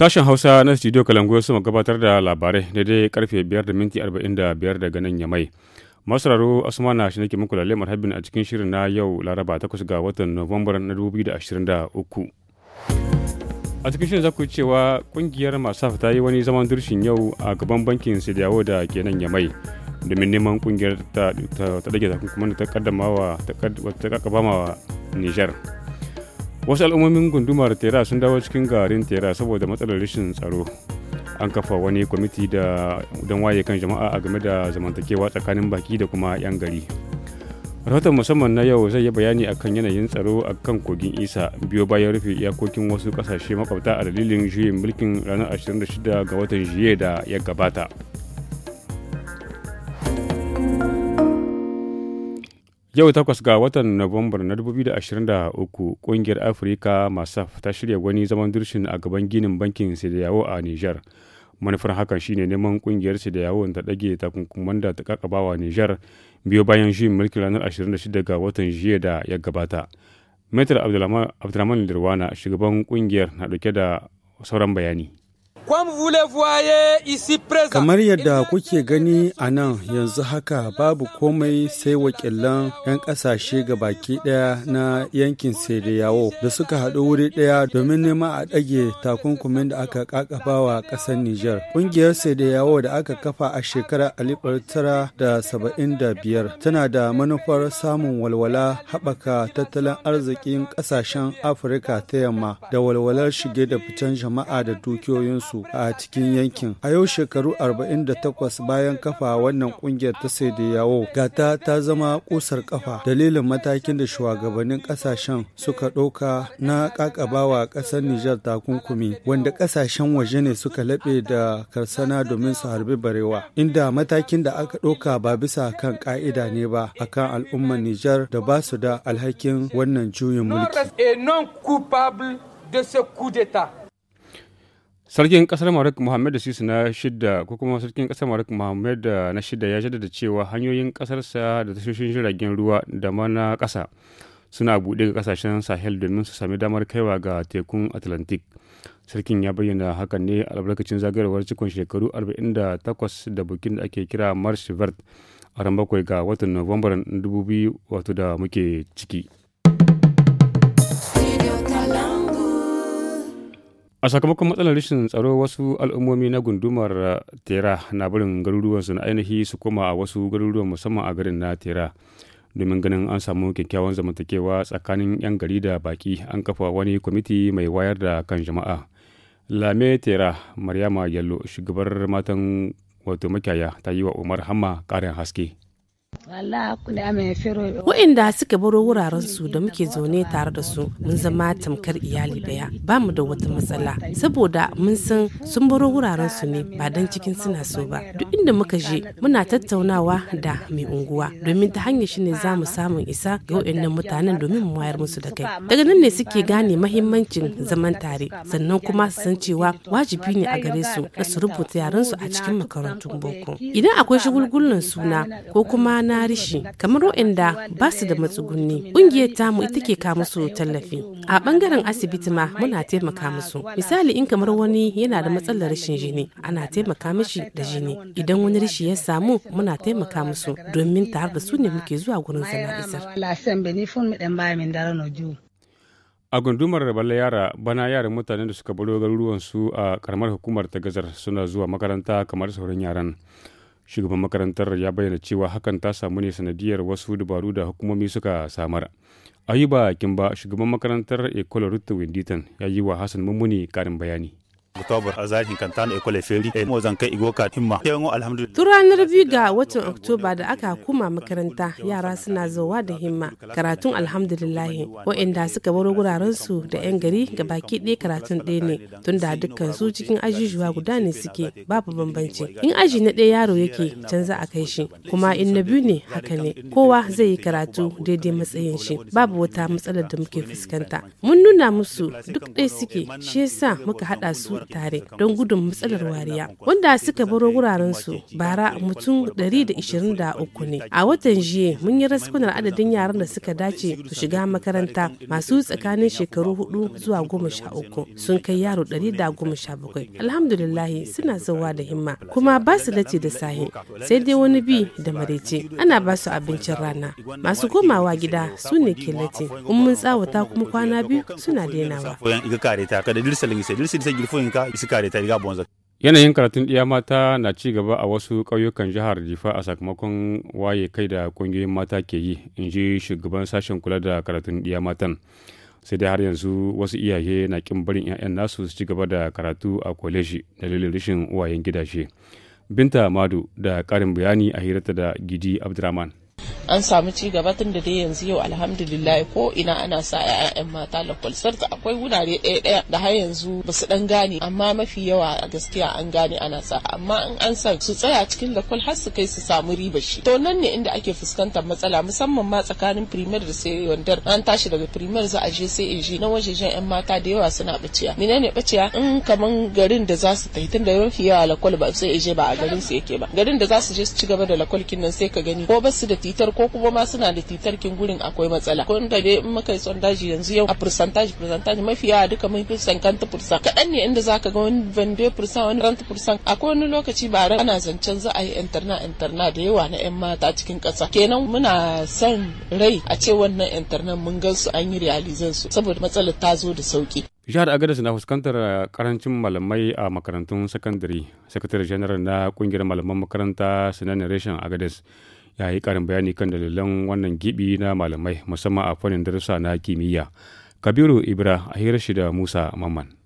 Sashen Hausa na Studio Kalangu sun gabatar da labarai daidai karfe 5 da minti 45 daga nan Yamai. Masararo na shi nake muku lalle marhabin a cikin shirin na yau Laraba 8 ga watan Nuwambar na 2023. A cikin shirin za cewa kungiyar masu ta yi wani zaman dirshin yau a gaban bankin Sidiyawo da ke nan Yamai domin neman kungiyar ta dage takunkuman da ta kaddama wa ta kakaba Nijar. wasu al'ummomin gundumar tera sun dawo cikin garin tera saboda matsalar rashin tsaro an kafa wani kwamiti da don waye kan jama'a a game da zamantakewa tsakanin baki da kuma 'yan gari rahoton musamman na yau zai yi bayani akan yanayin tsaro a kan kogin isa biyo bayan rufe iyakokin wasu kasashe makwabta a dalilin juyin mulkin ranar 26 ga watan juye da ya gabata Yau takwas ga watan Nuwambar na 2023 kungiyar Afirka Masaf ta shirya wani zaman dirshin a gaban ginin bankin Sidiyawo a Nijar. Manufar hakan shine neman kungiyar Sidiyawo ta ɗage takunkuman da ta kakabawa Nijar biyo bayan shi mulki ranar 26 ga watan jiya da ya gabata. Metar Abdulrahman Lirwana shugaban kungiyar na ɗauke da sauran bayani. Kamar yadda kuke gani a nan yanzu haka babu komai sai wakilan 'yan ƙasashe ga baki ɗaya na yankin yawo da suka haɗu wuri ɗaya domin nema a ɗage takunkumin da aka ƙaƙaba wa ƙasar Nijar. Ƙungiyar Sediyawo da aka kafa a shekarar 1975 tana da manufar samun walwala haɓaka tattalin arzikin ƙasashen Afirka ta yamma da walwalar shige da fitan jama'a da dukiyoyinsu a cikin yankin a yau shekaru 48 bayan kafa wannan kungiyar ta sai da yawo gata ta zama kusar kafa dalilin matakin da shugabannin kasashen suka ɗauka na kakabawa ƙasar Nijar takunkumi wanda kasashen waje ne suka laɓe da karsana domin su harbi barewa inda matakin da aka ɗauka ba bisa kan ka'ida ne ba akan al'ummar Nijar da ba su da alhakin wannan juyin mulki. de ce sarkin kasar maroc mohamed sisi na shida ko kuma sarkin kasar maroc mohamed eh, na shida ya jaddada cewa hanyoyin kasarsa da tashoshin jiragen ruwa da mana kasa suna buɗe ga kasashen sahel domin su sami damar kaiwa ga tekun atlantic sarkin ya bayyana hakan ne albarkacin zagayowar cikon shekaru 48 da bukin da ake kira march vert a ran bakwai ga watan dubu 2000 wato da muke ciki. A sakamakon matsalar rashin tsaro wasu al'ummomi na gundumar eh, Tera na barin garuruwansu na ainihi su koma a wasu garuruwan musamman a garin na Tera. Domin ganin an samu kyakkyawan zamantakewa tsakanin 'yan gari da baki an kafa wani kwamiti mai wayar da kan jama'a. Lame Tera mariama Yallo shugabar matan wato makyaya ta yi wa Umar Hamma ƙarin haske. waɗanda suka baro wuraren su da muke zaune tare da su mun zama tamkar iyali ɗaya ba mu da wata matsala saboda mun san sun baro wuraren su ne ba dan cikin suna so ba. Duk inda muka je muna tattaunawa da mai unguwa domin ta hanyar shi ne za mu samun isa ga waɗannan mutanen domin mu wayar musu da kai. Daga nan ne suke gane mahimmancin zaman tare sannan kuma su san cewa wajibi ne a gare su na su rubuta su a cikin makarantun boko. Idan akwai shagulgulan suna ko kuma na na rishi kamar waɗanda ba su da matsugunni ƙungiyar tamu ita ke kawo musu tallafi a ɓangaren asibiti ma muna taimaka musu misali in kamar wani yana da matsalar rashin jini ana taimaka mishi da jini idan wani rishi ya samu muna taimaka musu domin tare da su ne muke zuwa gurin sana'isar a gundumar balle yara bana yaran mutanen da suka baro su a karamar hukumar ta gazar suna zuwa makaranta kamar sauran yaran shugaban makarantar ya bayyana cewa hakan ta samu ne sanadiyar wasu dabaru da hukumomi suka samar ayuba kimba shugaban makarantar ecole rutte winditon ya yi wa hassan mummuni karin bayani Oktoba a zahin kantano ekole feri e eh, mozan kai igoka himma. alhamdulillah. Tun ranar biyu ga watan Oktoba da aka kuma makaranta yara suna zowa da himma karatun alhamdulillah Wa'inda suka bar wuraren su da yan gari ga baki ɗaya karatun ɗaya ne tunda dukkan su cikin ajujuwa guda ne suke babu bambanci. In aji na ɗaya yaro yake canza a kai shi kuma in na biyu ne haka ne kowa zai yi karatu daidai matsayin shi babu wata matsalar da muke fuskanta. Mun nuna musu duk ɗaya suke shi yasa muka haɗa su tare don gudun matsalar wariya wanda suka baro wuraren su bara mutum 123 ne a watan jiya mun yi raskunar adadin yaran da suka dace su shiga makaranta masu tsakanin shekaru hudu zuwa goma sun kai yaro ɗari da alhamdulillahi suna zawa da himma kuma ba su dace da sahi sai dai wani bi da marece ana ba su abincin rana masu komawa gida su ne ke lati in mun tsawata kuma kwana biyu suna denawa ka da bonza yanayin karatun ɗiya mata na ci gaba a wasu ƙauyukan jihar jifa a sakamakon waye kai da ƙungiyoyin mata ke yi in ji shugaban sashen kula da karatun ɗiya matan sai dai har yanzu wasu iyaye na kin barin 'ya'yan nasu su ci gaba da karatu a kwaleji dalilin rashin uwayen gidaje binta madu da ƙarin bayani a hirarta da gidi abdurrahman an samu ci gaba tun da dai yanzu yau alhamdulillah ko ina ana sa 'ya'yan mata lakwal sarta akwai wurare ɗaya ɗaya da har yanzu ba su ɗan gane amma mafi yawa a gaskiya an gane ana sa amma in an san su tsaya cikin lakwal har su kai su samu riba shi to nan ne inda ake fuskantar matsala musamman ma tsakanin primar da sayandar an tashi daga primar za a je sai eji na wajejen 'yan mata da yawa suna baciya ne baciya in kaman garin da za su tafi tun da mafi yawa lakwal ba sai je ba a garin su yake ba garin da za su je su ci gaba da lakwal kin sai ka gani ko ba su da titar ko kuma ma suna da titarkin gurin akwai matsala ko inda dai in muka yi sondaji yanzu yau a percentage percentage mafiya duka mun fi sankanta percent kaɗan ne inda zaka ga wani vende percent wani rent percent akwai wani lokaci ba ran ana zancen za a yi interna interna da yawa na yan mata cikin ƙasa kenan muna san rai a ce wannan internet mun gan su an yi realizan su saboda matsalar ta zo da sauki jihar agadas na fuskantar karancin malamai a makarantun sakandare sakatare janar na kungiyar malaman makaranta sinanin reshen agadas ya yi ƙarin bayani kan dalilan wannan gibi na malamai musamman a fannin darussa na kimiyya kabiru ibra a hirar shi da musa mamman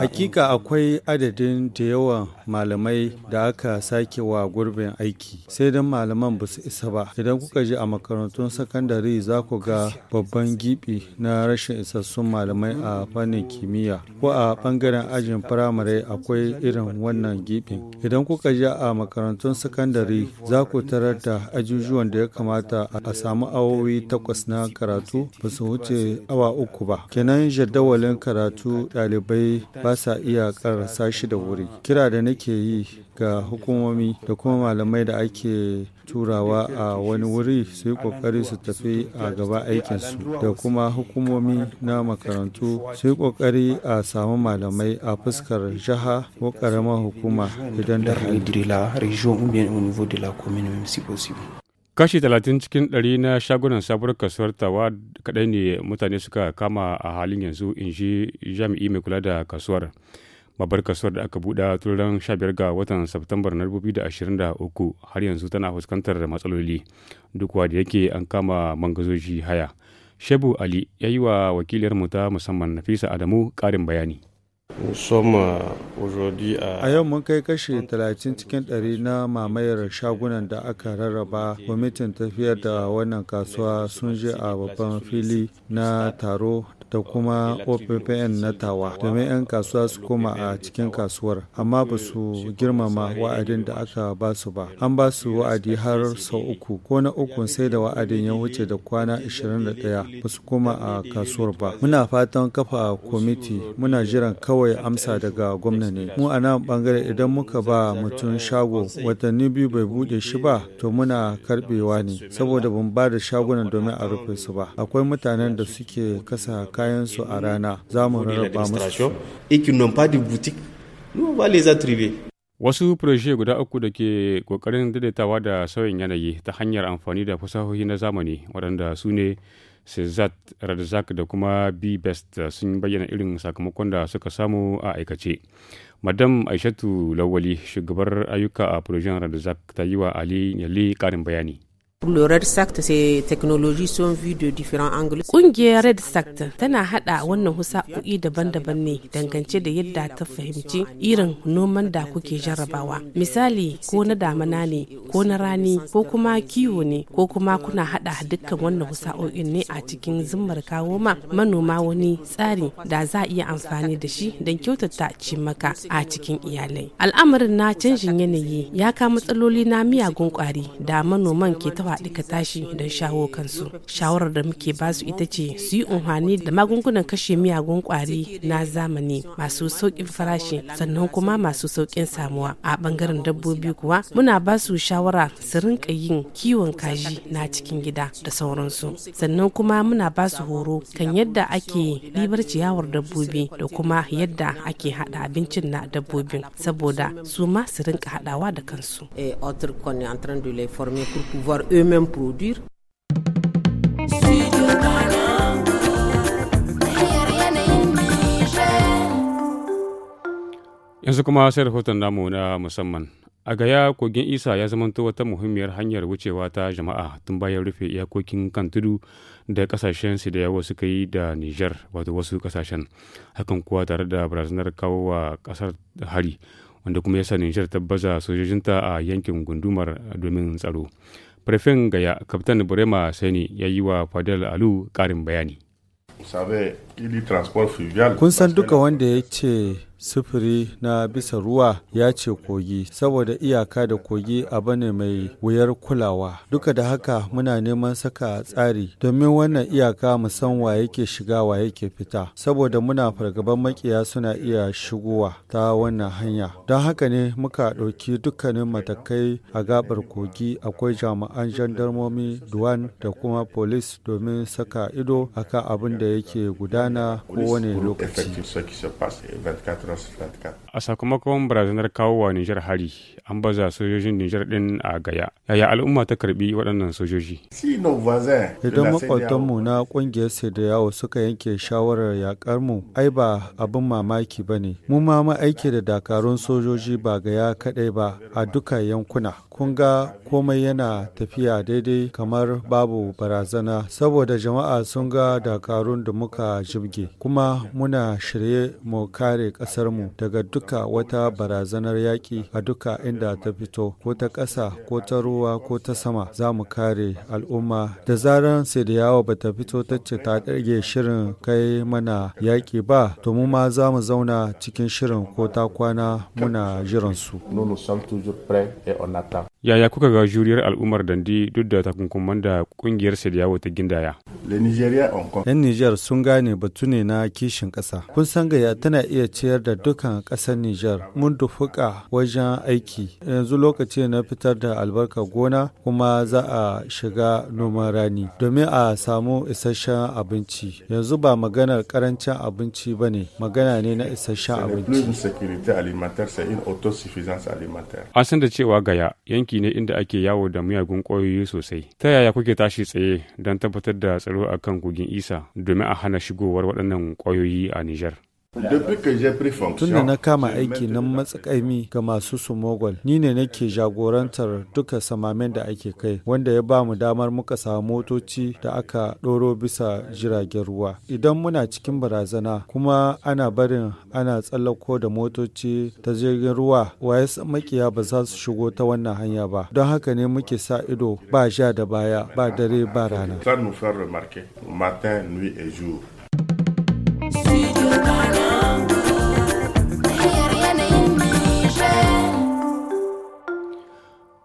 Hakika akwai adadin da yawan malamai da aka sake wa gurbin aiki, sai dan malaman ba su isa ba. Idan kuka je a makarantun sakandare za ku ga babban gibi na rashin isassun malamai a fannin kimiyya, ko a bangaren ajin firamare akwai irin wannan gibin. Idan kuka je a makarantun sakandare za ku tarar da ajujuwan da ya kamata a samu awowi takwas na karatu ba su wuce awa uku ba. Kenan jadawalin karatu dalibai ba sa iya karasa shi da wuri kira da nake yi ga hukumomi da kuma malamai da ake turawa a wani wuri su yi kokari su tafi a gaba aikinsu da kuma hukumomi na makarantu su yi kokari a samu malamai a fuskar jiha ko karamar hukuma idan da kashi talatin cikin ɗari na shagunan sabuwar kasuwar tawa kaɗai ne mutane suka kama a halin yanzu in ji jami'i mai kula da kasuwar babbar kasuwar da aka buɗa tun ran 15 ga watan Satumbar na 2023 har yanzu tana fuskantar matsaloli duk da yake an kama mangazoji haya. Shebu Ali ya yi wa wakiliyar mu ta musamman Nafisa Adamu ƙarin bayani. Euh, a yau mun kai kashi 30 cikin 100 na mamayar shagunan da aka rarraba kwamitin tafiyar da wannan kasuwa sun je a babban fili na taro da kuma OPPN na tawa domin 'yan kasuwa su koma a cikin kasuwar amma ba su girmama wa'adin da aka ba su ba an ba su wa'adi har sau uku ko na uku sai da wa'adin ya wuce da kwana 21 ba su koma a kasuwar ba muna fatan kafa kwamiti muna jiran kawai amsa daga gwamna ne mu a nan bangare idan muka ba mutum shago watanni biyu bai bude shi ba to muna karbewa ne saboda ban ba da shagunan domin a rufe su ba akwai mutanen da suke kasa kayansu a rana za mu rarraba musu Wasu proje guda uku da ke ƙoƙarin daidaitawa da sauyin yanayi ta hanyar amfani da fasahohi na zamani waɗanda su ne Sezat Radzak da kuma B-Best sun bayyana irin sakamakon da suka samu a aikace. Madam Aishatu Lawali, shugabar ayyuka a furoshen Radzak ta yi wa Ali Yali ƙarin bayani. Ƙungiyar Red Sact tana haɗa wannan husa'o'i daban-daban ne dangance da yadda ta fahimci irin noman da kuke jarrabawa. Misali ko na damana ne, ko na rani, ko kuma kiwo ne, ko kuma kuna haɗa dukkan wannan husa'o'in ne a cikin zimmar kawo ma manoma wani tsari da za a iya amfani da shi don kyautata cimaka a cikin iyalai. Al'amarin na canjin yanayi ya ka matsaloli na miyagun ƙwari da manoman ke tawa haɗu ka tashi don shawo kansu shawarar da muke ba su ita ce su yi umarni da magungunan kashe miyagun kwari na zamani masu sauƙin farashi sannan kuma masu sauƙin samuwa a bangaren dabbobi kuwa muna ba su shawara su rinka yin kiwon kaji na cikin gida da sauransu sannan kuma muna ba su horo kan yadda ake ribar ciyawar dabbobi da kuma yadda ake haɗa abincin na dabbobin saboda su ma su rinka haɗawa da kansu. Eh, autre qu'on est en train de les former pour pouvoir eux eux-mêmes produire. Yanzu kuma sai rahoton namu na musamman. A gaya kogin Isa ya zamanto wata muhimmiyar hanyar wucewa ta jama'a tun bayan rufe iyakokin kan tudu da kasashen su da yawa suka yi da Nijar wato wasu kasashen. Hakan kuwa tare da barazanar kawo wa kasar hari wanda kuma yasa Nijar ta baza sojojinta a yankin gundumar domin tsaro. Farfen gaya Kaftan Burema Sani ya yi wa Fadel Alu ƙarin bayani. Kun san duka wanda ya ce sufuri na bisa ruwa ya ce kogi saboda iyaka da kogi abu ne mai wuyar kulawa duka da haka muna neman saka tsari domin wannan iyaka musan wa yake shiga wa yake fita saboda muna fargaban makiya suna iya shigowa ta wannan hanya don haka ne muka ɗauki dukkanin matakai a gabar kogi akwai jami'an jandarmomi duwan da kuma polis domin saka ido akan abin da yake gudana kowane lokaci A sakamakon barazanar kawo wa Nijar hari, an baza sojojin Nijar din a gaya. Yaya al'umma ta karbi waɗannan sojoji? Idan mu na ƙungiyar Sediyawo suka yanke shawarar yaƙarmu mu, ai ba abin mamaki ba ne. Mu ma aiki da dakarun sojoji ba gaya kaɗai ba a duka yankuna. Kun ga komai yana tafiya daidai kamar babu barazana saboda jama'a sun ga dakarun da muka jibge kuma muna shirye mu kare ƙasar kasarmu daga duka wata barazanar yaƙi a duka inda ta fito ko ta ƙasa ko ta ruwa ko ta sama za mu kare al'umma da zarar sai da yawa ba ta fito ta ce ta ɗage shirin kai mana yaƙi ba to mu ma za mu zauna cikin shirin ko ta kwana muna jiransu. Yaya kuka ga juriyar al'ummar dandi duk da takunkuman da kungiyar yawo ta gindaya? Yan Nijar sun gane batu ne na kishin kasa. Kun san gaya tana iya ciyar da da dukan ƙasar Nijar mun dufuka wajen aiki. Yanzu lokaci na fitar da albarka gona kuma za a shiga noman rani domin a samu isasshen abinci. Yanzu ba maganar karancin abinci ba ne, magana ne na isasshen abinci. An san da cewa gaya yanki ne inda ake yawo da miyagun ƙwayoyi sosai. Ta yaya kuke tashi tsaye don tabbatar da tsaro akan kogin isa domin a hana shigowar waɗannan ƙwayoyi a Nijar? Tun da na kama aiki nan matsakaimi ga masu mogol ni ne nake jagorantar duka samamen da ake kai, wanda ya ba mu damar muka samu motoci da aka ɗoro bisa jiragen ruwa. Idan muna cikin barazana kuma ana barin ana tsallako da motoci ta jirgin ruwa, waye makiya ba za su shigo ta wannan hanya ba. Don haka ne muke sa ido ba sha da baya, ba dare ba rana. matin Studio Ghana.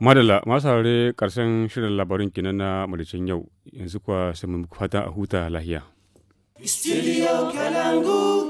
madala masu saurare karshen shirin labarin kinan na malicin yau yanzu kuwa sai mu fata a huta lahiya. Studio Kalangu.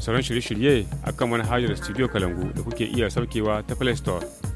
sauran shirye-shirye akan manhajar studio kalangu da kuke iya saukewa ta play store